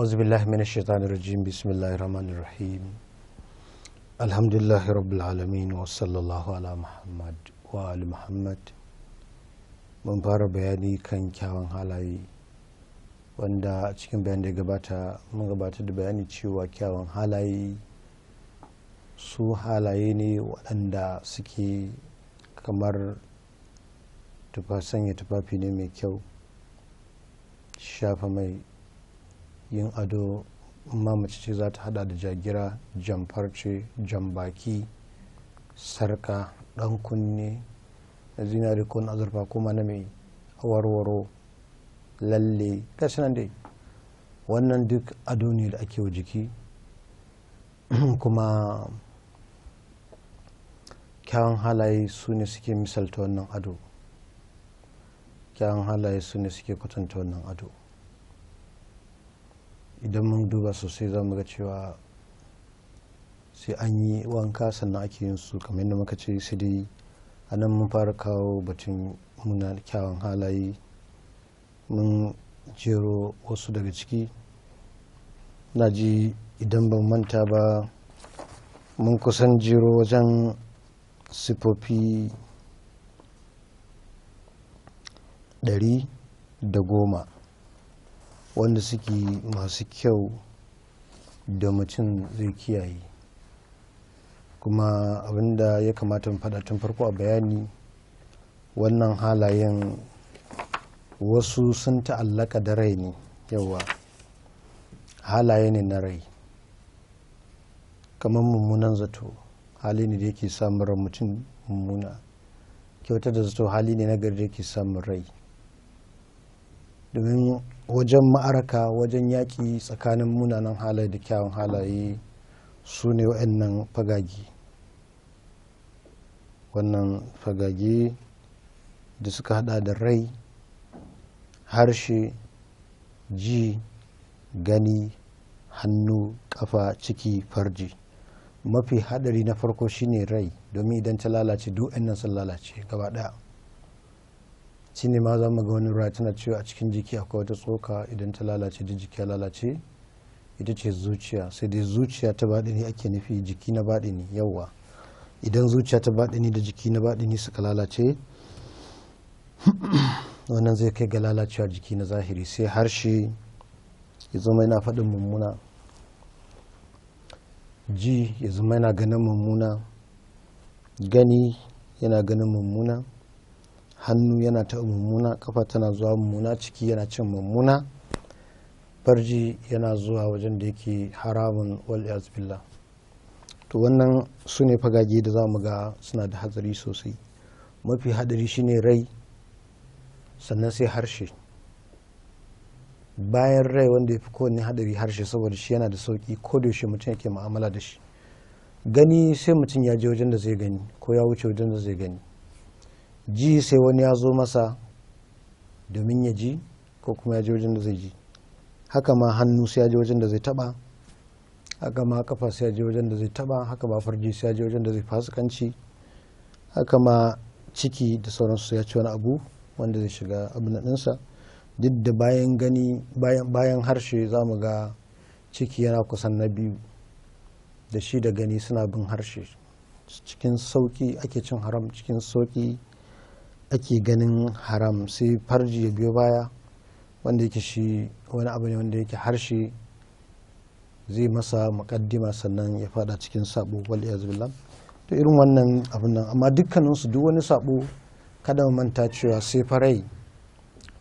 أعوذ بالله من الشيطان الرجيم بسم الله الرحمن الرحيم الحمد لله رب العالمين وصلى الله على محمد محمد mun fara bayani kan kyawun halaye wanda cikin bayan da gabata mun gabatar da bayani cewa kyawun halaye su halaye ne waɗanda suke kamar sanya tufafi ne mai kyau shafa mai yin ado mamace ce za ta hada da jagira jamfarce jambaki sarka dan kunne zinari ko azurfa kuma na mai warwaro lalle gashi nan dai wannan duk ado ne da ake wa jiki kuma kyawun halaye su ne suke misalta wannan ado kyawun halaye su ne suke kwatanta wannan ado idan mun duba sosai za mu ga cewa sai an yi wanka sannan ake yin su kamar yadda muka ce sai dai a nan mun fara kawo batun muna kyawun halaye mun jero wasu daga ciki na ji idan ban manta ba mun kusan jero wajen sifofi ɗari da goma wanda suke masu kyau da mutum zai kiyaye kuma abinda ya kamata faɗa tun farko a bayani wannan halayen wasu sun ta'allaka da rai ne yawa halaye ne na rai kamar mummunan zato hali ne da yake samun mutum mummuna kyautar da zato hali ne na gari da yake samun rai domin wajen ma'araka wajen yaƙi tsakanin munanan halaye da kyawun halaye su ne wa'annan fagage wannan fagage da suka hada da rai harshe ji gani hannu kafa ciki farji mafi hadari na farko shine rai domin idan ta lalace duk nan sun lalace gaba daya shi ne ma za mu ga wani ruwa tana cewa a cikin jiki akwai wata tsoka idan ta lalace da jiki ya lalace ita ce zuciya sai dai zuciya ta ne ake nufi jiki na ne yawwa idan zuciya ta ne da jiki na baɗini suka lalace wannan zai kai ga lalacewa jiki na zahiri sai harshe ya zama yana faɗin mummuna ji ya zama yana ganin mummuna gani yana ganin mummuna hannu yana ta mummuna kafa tana zuwa mummuna ciki yana cin mummuna farji yana zuwa wajen da yake haramun wal to wannan su ne fagage da za mu ga suna da hatsari sosai mafi hadari shine rai sannan sai harshe bayan rai wanda ya fi kowane hadari harshe saboda shi yana da sauki ko da yaushe mutum yake ma'amala da shi gani sai mutum ya je wajen da zai gani ko ya wuce wajen da zai gani ji sai wani ya zo masa domin ya ji ko kuma ya ji wajen da zai ji haka ma hannu sai ya ji wajen da zai taba haka ma kafa sai ya ji wajen da zai taba haka ma farji sai ya ji wajen da zai fasikanci haka ma ciki da sauransu sai ya ci wani abu wanda zai shiga abin ɗinsa duk da bayan gani bayan harshe za mu ga ciki yana kusan na biyu da shi da gani suna bin harshe cikin sauki ake cin haram cikin sauki ake ganin haram sai farji ya biyo baya wanda yake shi wani abu ne wanda yake harshe zai masa mukaddima sannan ya fada cikin sabo wal billah to irin wannan abin nan amma dukkanin su duk wani sabo kada mu manta cewa sai farai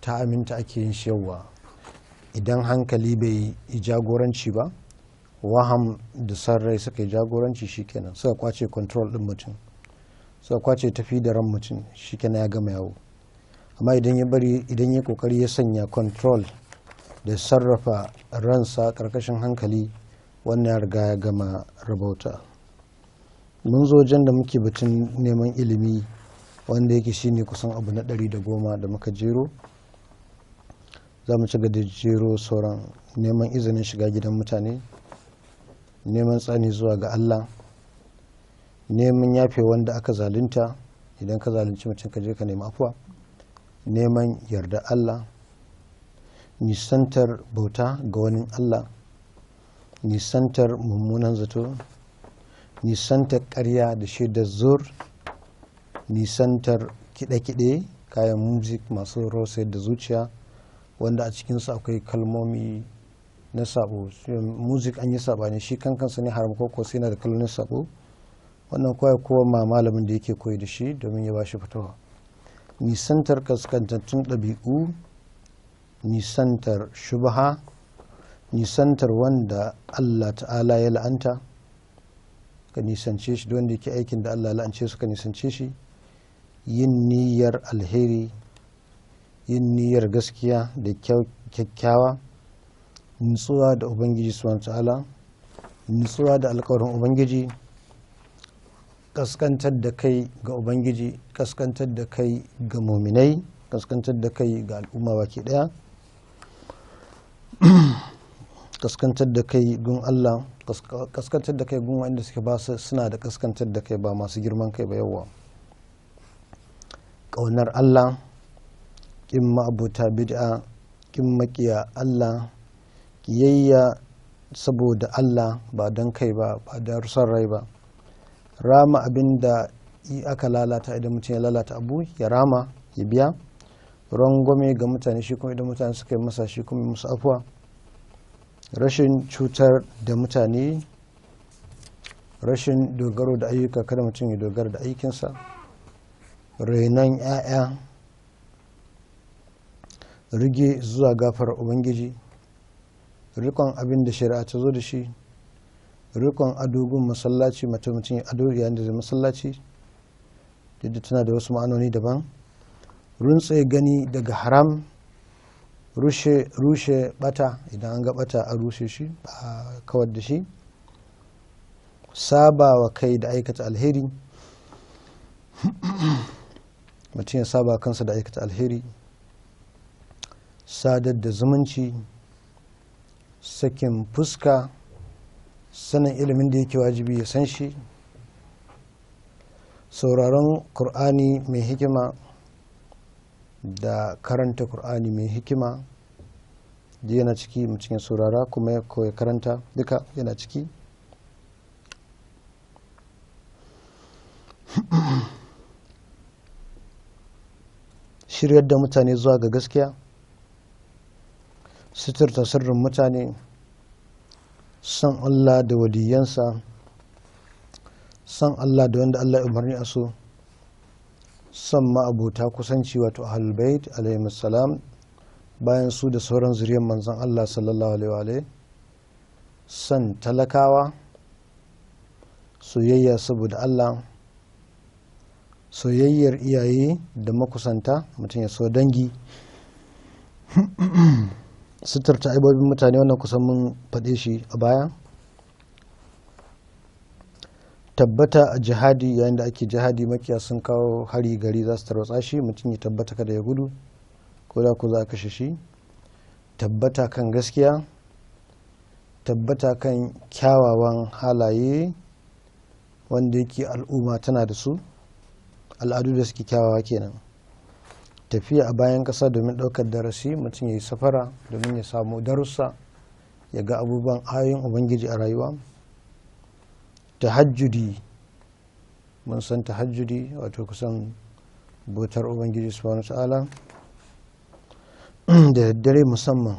ta aminta ake yin shewa idan hankali bai yi jagoranci ba waham da sarrai suka yi jagoranci shi kenan suka kwace control din mutum suka kwace tafi da ran mutum shi ya gama yawo amma idan ya bari idan ya kokari ya sanya control da sarrafa ransa karkashin hankali wannan ya riga ya gama rabauta mun zo wajen da muke batun neman ilimi wanda yake shine kusan abu na ɗari da goma da muka jero za mu ci da jero sauran neman izinin shiga gidan mutane neman tsani zuwa ga allah neman yafe wanda aka zalunta idan ka zalunci mutum ka je ka nemi afuwa neman yarda Allah nisantar bauta ga wani Allah nisantar mummunan zato nisantar karya da shaidar zur nisantar kiɗe kide kayan muzik masu rosayar da zuciya wanda a cikinsu akwai kalmomi na sabo muzik an yi sabani shi kankansa ne haram ko sai na da kalmomin sabo wannan kwaya kowa ma malamin da yake koyi da shi domin ya bashi fitowa nisantar kaskantattun ɗabi'u nisantar shubha nisantar wanda allah ta'ala ya la'anta ka nisance shi wanda yake aikin da allah la'ance su ka nisance shi yin niyyar alheri yin niyyar gaskiya da kyakkyawa nutsuwa da ubangiji subhanahu ta'ala nutsuwa da alkawarin ubangiji kaskantar da kai ga ubangiji kaskantar da kai ga muminai kaskantar da kai ga al'umma baki daya kaskantar da kai gun allah kaskantar da kai gun wanda suke ba suna da kaskantar da kai ba masu girman kai ba yawa ƙaunar allah ƙin ma'abuta bid'a ƙin maƙiya allah kiyayya saboda allah ba don kai ba ba da rusar rai ba rama abin da aka lalata idan mutum ya lalata abu ya rama ya biya rangwame ga mutane shi kuma idan mutane suka yi masa shi kuma musu afuwa rashin cutar da mutane rashin dogaro da ayyuka kada mutum ya dogara da aikinsa rainon 'ya'ya rige zuwa gafar ubangiji rikon abin da shari'a ta zo da shi rikon adogun masallaci mace mutum ya ado yayin da masallaci duk tana da wasu ma'anoni daban runtse gani daga haram rushe rushe bata idan an ga bata a rushe shi a kawar da shi saba wa kai da aikata alheri mutum ya saba kansa da aikata alheri sadar da zumunci sakin fuska sanin ilimin da yake wajibi ya san shi sauraron kur'ani mai hikima da karanta kur'ani mai hikima da yana ciki mutum ya saurara kuma ya koya karanta duka yana ciki shiryar da mutane zuwa ga gaskiya suturta sirrin mutane san Allah da wadiyansa san Allah da wanda Allah umarni a so san ma ma'abuta kusanci wato ahlul alayhi salam bayan su da sauran zuriyar manzon Allah sallallahu alaihi wa san talakawa soyayya saboda Allah soyayyar iyaye da makusanta mutum ya so dangi suturta aibobin mutane wannan kusan mun faɗe shi a baya tabbata a jihadi yayin da ake jihadi makiya sun kawo hari gari za su tarwatsa shi mutum ya tabbata kada ya gudu ko da ko za a kashe shi tabbata kan gaskiya tabbata kan kyawawan halaye wanda yake al'umma tana da su al'adu da suke kyawawa kenan tafiya a bayan ƙasa domin ɗaukar darasi mutum ya yi safara domin ya samu darussa ya ga abubuwan ayoyin ubangiji a rayuwa tahajjudi mun san tahajjudi wato kusan bautar ubangiji subhanahu ta'ala da daddare musamman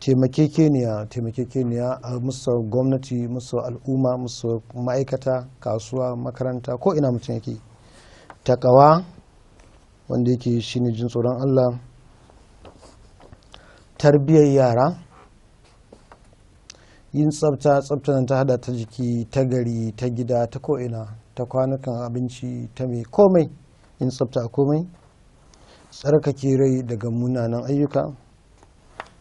taimakekeniya taimakekeniya a musa gwamnati musa al'umma musa ma'aikata kasuwa makaranta ko ina mutum yake takawa wanda yake ne jin tsoron Allah tarbiyyar yara yin tsafta tsafta ta hada ta jiki ta gari ta gida ta ko'ina ta kwanukan abinci ta mai komai yin tsafta komai tsarkake rai daga munanan ayyuka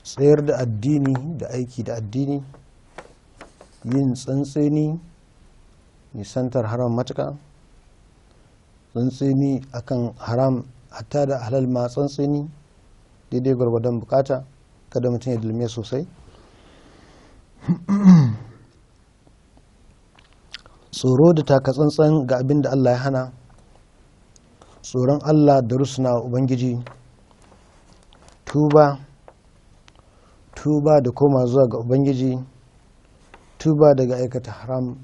tsayar da addini da aiki da addini yin tsantseni nisantar haram matuka tsantseni akan haram hatta da halal ma tsantsini daidai gwargwadon bukata kada mutum ya dalme sosai tsoro da taka tsantsan ga abin da allah ya hana tsoron allah da rusuna ubangiji tuba tuba da koma zuwa ga ubangiji tuba daga aikata haram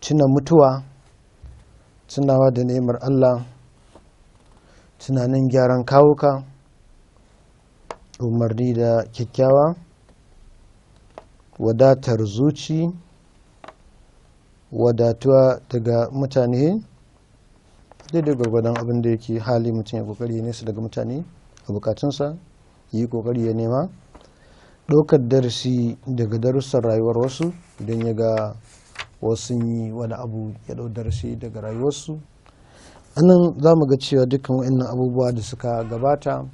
tuna mutuwa tunawa da ni'imar allah tunanin gyaran kawuka umarni da kyakkyawa wadatar zuci wadatuwa daga mutane daidai gwargwadon abin da yake hali mutum ya kokari ya nesa daga mutane a bukatunsa yi kokari ya nema ɗaukar darasi daga darussan rayuwar wasu idan ya ga wasu yi wani abu ya ɗau darasi daga rayuwarsu anan za mu ga cewa dukkan wa'annan abubuwa da suka gabata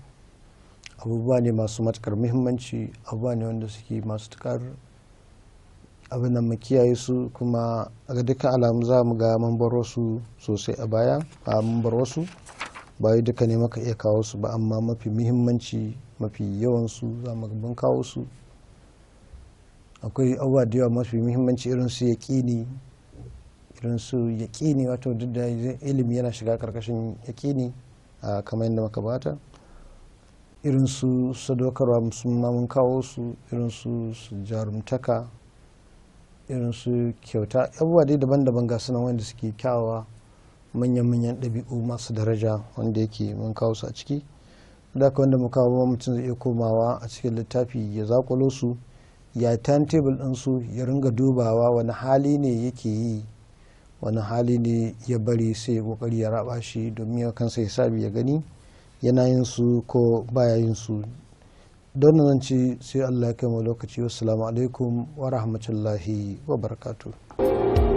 abubuwa ne masu matukar muhimmanci abubuwa ne wanda suke masu tukar abin da mu kiyaye su kuma ga dukkan alamu za mu ga mambar wasu sosai a baya a mambar wasu ba duka ne maka iya kawo su ba amma mafi muhimmanci mafi yawan su za mu gaban kawo su akwai abubuwa da yawa mafi muhimmanci irin su yaƙini irin su yaƙini wato duk da ilimi yana shiga karkashin yaƙini kamar yadda muka bata irin su sadaukarwa musamman mun kawo su irin su jarumtaka irin su kyauta abubuwa dai daban-daban ga suna wanda suke kyawawa manyan-manyan ɗabi'u masu daraja wanda yake mun kawo su a ciki da ka wanda mu kawo mutum zai iya komawa a cikin littafi ya zakulo su ya timetable ɗinsu ya ringa dubawa wani hali ne yake yi wani hali ne ya bari sai ya kokari ya raba shi domin ya kansa ya sabi ya gani yana yin su ko baya yin su don nan ci sai allah ya kai ma lokaci wasu alaikum wa rahmatullahi wa barakatuh